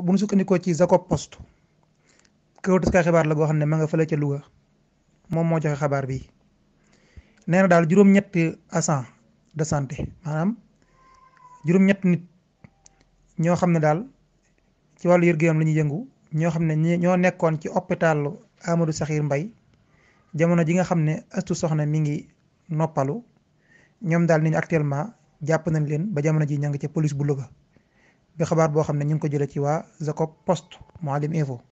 bu ñu sukkandikoo ci Jacob Post këru taskay xibaar la goo xam ne ma nga fële ca luga moom moo joxe xabaar bi nee na daal juróom-ñetti de santé maanaam juróom nit ñoo xam ne daal ci wàllu yër la ñuy yëngu ñoo xam ne ñoo nekkoon ci hôpital Amadou saxiir mbay jamono ji nga xam ne Astou Sokhna mi ngi noppalu ñoom daal ni ñu actuellement jàpp nañu leen ba jamono ji ña nga ca police bu Louga bi xabaar boo xam ne ñu ngi ko jëlee ci waa Jacob Post Mouhalim Info